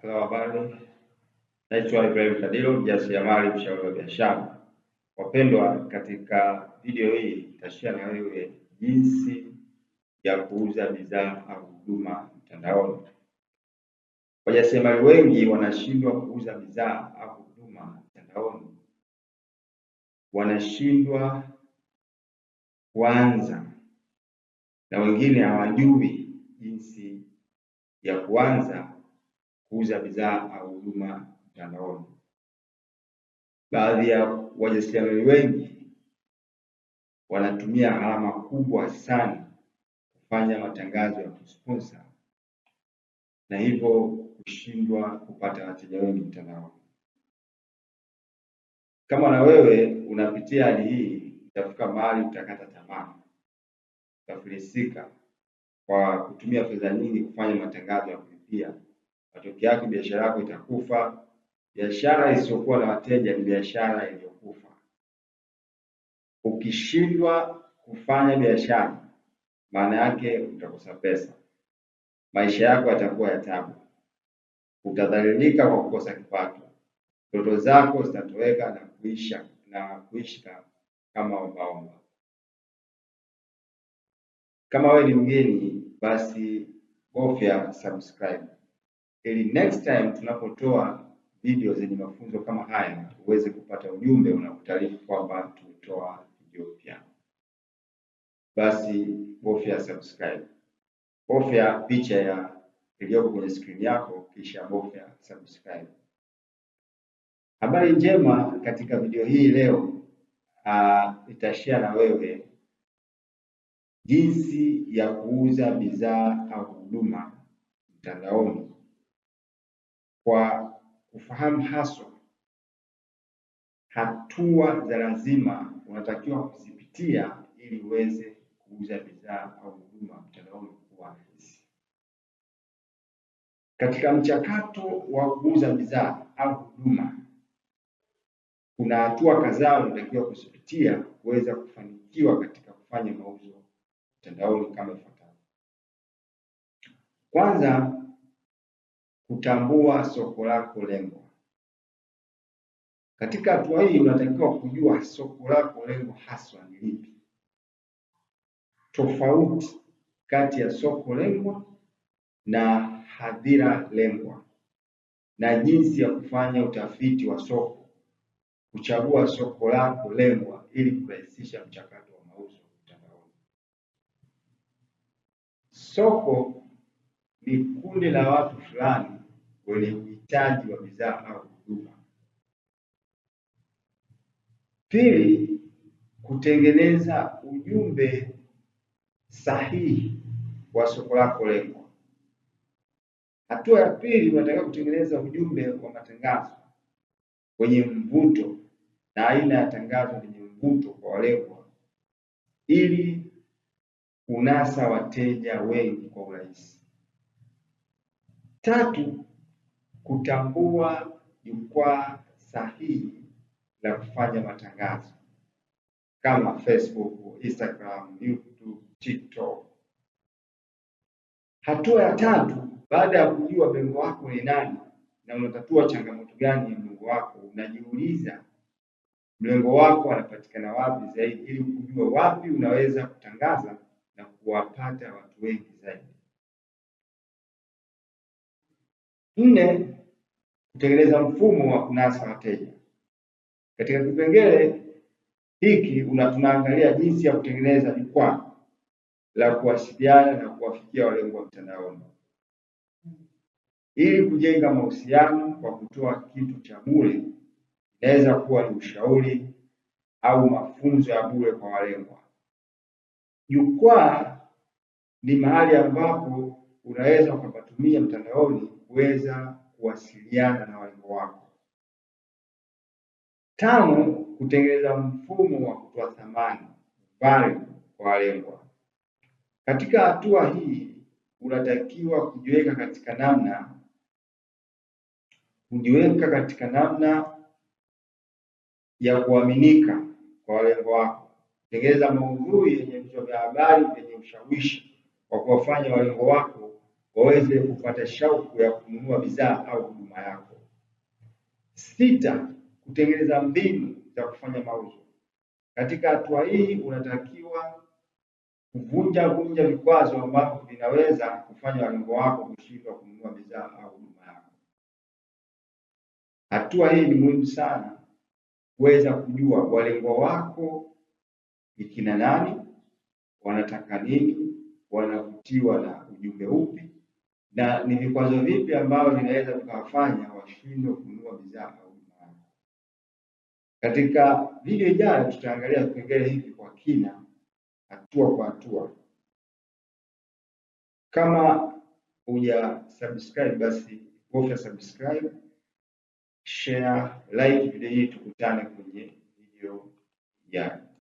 Hello, habari. Naitwa Ibrahim Kadilo, mjasiriamali, mshauri wa biashara. Wapendwa, katika video hii nitashare na wewe jinsi ya kuuza bidhaa au huduma mtandaoni. Wajasiriamali wengi wanashindwa kuuza bidhaa au huduma mtandaoni, wanashindwa kuanza, na wengine hawajui jinsi ya kuanza kuuza bidhaa au huduma mtandaoni. Baadhi ya wajasiriamali wengi wanatumia gharama kubwa sana kufanya matangazo ya kusponsor na hivyo kushindwa kupata wateja wengi mtandaoni. Kama na wewe unapitia hali hii, utafika mahali utakata tamaa, utafilisika kwa kutumia fedha nyingi kufanya matangazo ya kulipia Matokeo yake biashara yako itakufa. Biashara isiyokuwa na wateja ni biashara iliyokufa. Ukishindwa kufanya biashara, maana yake utakosa pesa, maisha yako yatakuwa ya tabu, utadhalilika kwa kukosa kipato, ndoto zako zitatoweka na kuisha na kuishi kama ombaomba. Kama wewe ni mgeni, basi bofya subscribe ili next time tunapotoa video zenye mafunzo kama haya uweze kupata ujumbe unakutaarifu kwamba tumetoa video mpya. Basi bofya subscribe, bofya picha ya iliyoko kwenye skrini yako, kisha bofya subscribe. Habari njema katika video hii leo uh, ah, itashia na wewe jinsi ya kuuza bidhaa au huduma mtandaoni kwa kufahamu haswa hatua za lazima unatakiwa kuzipitia ili uweze kuuza bidhaa au huduma mtandaoni kwa rahisi. Katika mchakato wa kuuza bidhaa au huduma, kuna hatua kadhaa unatakiwa kuzipitia kuweza kufanikiwa katika kufanya mauzo mtandaoni kama ifuatavyo. Kwanza, Kutambua soko lako lengwa katika hatua hii unatakiwa kujua soko lako lengwa haswa ni lipi. Tofauti kati ya soko lengwa na hadhira lengwa, na jinsi ya kufanya utafiti wa soko, kuchagua soko lako lengwa ili kurahisisha mchakato wa mauzo mtandaoni. Soko ni kundi la watu fulani wenye uhitaji wa bidhaa au huduma. Pili, kutengeneza ujumbe sahihi wa soko lako lengwa. Hatua ya pili, unatakiwa kutengeneza ujumbe wa matangazo wenye mvuto na aina ya tangazo lenye mvuto kwa walengwa ili kunasa wateja wengi kwa urahisi. Tatu, kutambua jukwaa sahihi la kufanya matangazo kama Facebook, Instagram, YouTube, TikTok. Hatua ya tatu, baada ya kujua mlengo wako ni nani na unatatua changamoto gani ya mlengo wako, unajiuliza mlengo wako anapatikana wapi zaidi, ili kujua wapi unaweza kutangaza na kuwapata watu wengi zaidi. Nne, kutengeneza mfumo wa kunasa wateja. Katika kipengele hiki tunaangalia jinsi ya kutengeneza jukwaa la kuwasiliana na kuwafikia walengwa mtandaoni ili kujenga mahusiano kwa kutoa kitu cha bure, inaweza kuwa ni ushauri au mafunzo ya bure kwa walengwa. Jukwaa ni mahali ambapo unaweza ukapatumia mtandaoni kuweza kuwasiliana na walengo wako. Tano, kutengeneza mfumo wa kutoa thamani value kwa walengwa. Katika hatua hii unatakiwa kujiweka katika namna kujiweka katika namna ya kuaminika kwa walengwa wako. Tengeneza maudhui yenye vichwa vya habari vyenye ushawishi wa kuwafanya walengwa wako waweze kupata shauku ya kununua bidhaa au huduma yako. Sita, kutengeneza mbinu za kufanya mauzo. Katika hatua hii unatakiwa kuvunja vunja vikwazo ambavyo vinaweza kufanya walengo wako kushindwa kununua bidhaa au huduma yako. Hatua hii ni muhimu sana kuweza kujua walengo wako ni kina nani, wanataka nini, wanavutiwa na ujumbe upi na ni vikwazo vipi ambavyo vinaweza vikawafanya washindwe kununua bidhaa au huduma Katika video ijayo tutaangalia vipengele hivi kwa kina, hatua kwa hatua. Kama huja subscribe basi bofya subscribe, share, like video hii. Tukutane kwenye video ijayo.